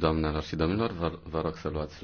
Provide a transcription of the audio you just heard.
doamnelor și domnilor vă rog să luați loc.